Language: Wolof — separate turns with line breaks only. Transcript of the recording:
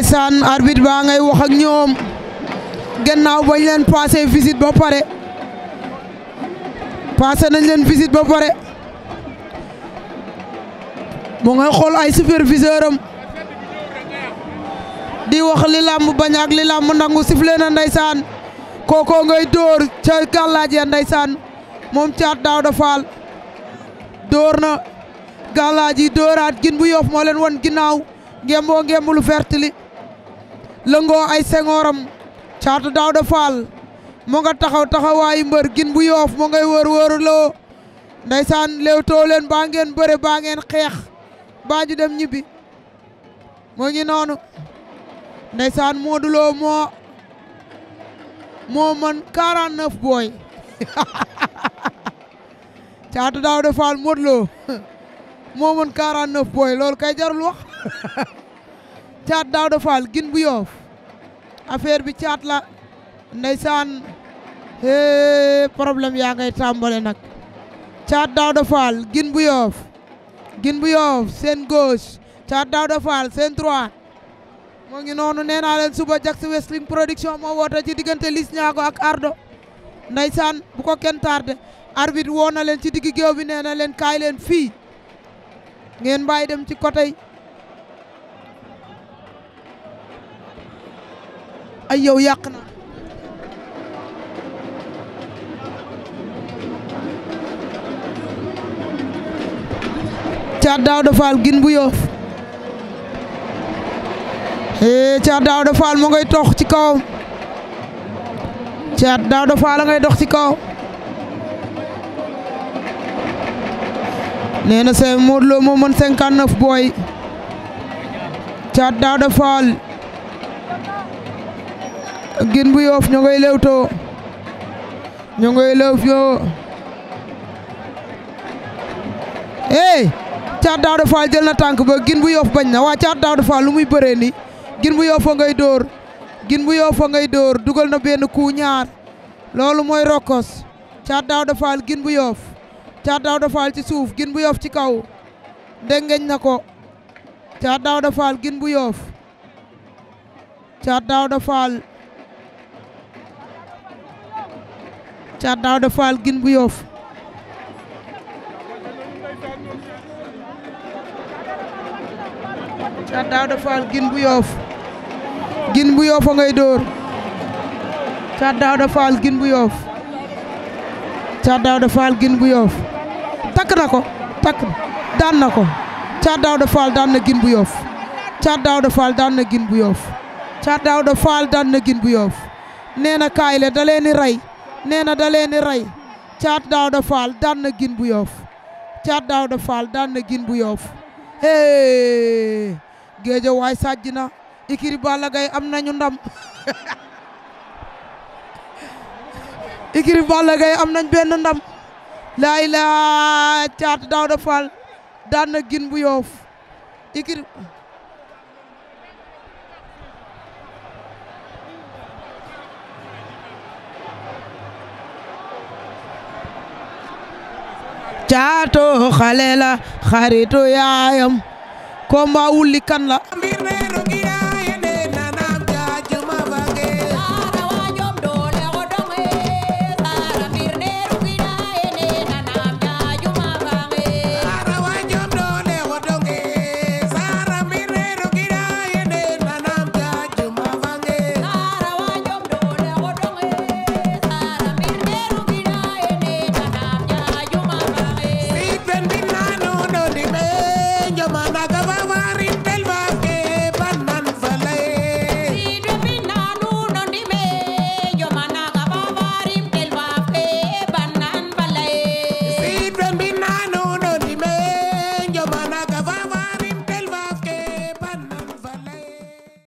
ndeysaan arbitre baa ngay wax ak ñoom gannaaw bañ leen passé visite ba pare passé nañ leen visite ba pare moo ngay xool ay superviseur am di wax li làmb bañ ak li làmb nangu sifflé na ndeysaan kookoo ngay dóor ca gàllaaj ya ndeysaan moom caat daaw da faal dóor na gàllaaj yi dóoraat gin bu yof moo leen won ginnaaw ngemboo ngembulu vert lëngoo ay sengooram caatu Daawda Faal mu nga taxaw taxawaayu mbër gin bu yoof mu ngay wër wërloo ndeysaan léewtoo leen baa ngeen bëre baa ngeen xeex baa ju dem ñibbi moo ngi noonu ndeysaan Modou Lo moo moo man 49 booy caatu Daawda Faal Modou Lo moo man 49 booy loolu kay jarul wax caatu Daawda Faal gin bu affaire bi caat la ndeysaan hee problème yaa ngay tàmbale nag caat Daouda Fall gin bu gin bu seen gauche caat Daouda Fall seen droite moo ngi noonu nee naa leen suba Jaks Wrestling Production moo woote ci diggante Liss Ndiago ak Ardo ndeysaan bu ko kenn tardé arbitre woo na leen ci digg géew bi nee na leen kaay leen fii ngeen bàyyi dem ci côté ay yow yàq na caat daaw da faal gin bu yoof ee eh, caat daaw da faal moo ngay dox ci kaw caat daaw da faal a ngay dox ci kaw nee na seen Modou Lo moo mën 59 booy caat daaw da faal gin bu yoof ñoo ngay lewtoo ñoo ngay lew yoo caat Daawda Fall jël na tànk ba gin bu bañ na waa caat Daawda Fall lu muy bëree ni gin bu yoof ngay dóor gin bu yoof dóor dugal na benn ku ñaar loolu mooy rokkos caat Daawda Fall gin bu yoof caat Daawda Fall ci suuf gin bu ci kaw ndengeñ na ko caat Daawda Fall gin Thiat Daouda Fall gin bu yoof Thiat gin bu yoof gin bu yoof a ngay dóor Thiat Daouda Fall gin bu yoof Thiat Daouda Fall gin bu takk na ko takk daan na ko Thiat Daouda Fall daan na gin bu yoof Thiat Daouda Fall daan na gin bu yoof Thiat Daouda Fall daan na gin bu nee na kaay le da leen di nee na da leen di rey caat Faal daan na gin bu yoof caat Daawda Faal daan na gin bu yoof hee géeja waay sàjj na ikiri Balla Gaye am nañu ndam ikiri Balla Gaye am nañ benn ndam laay laa caat Daawda Faal daan na gin bu yoof ikiri caatu xale la xaritu yaayam ko mba la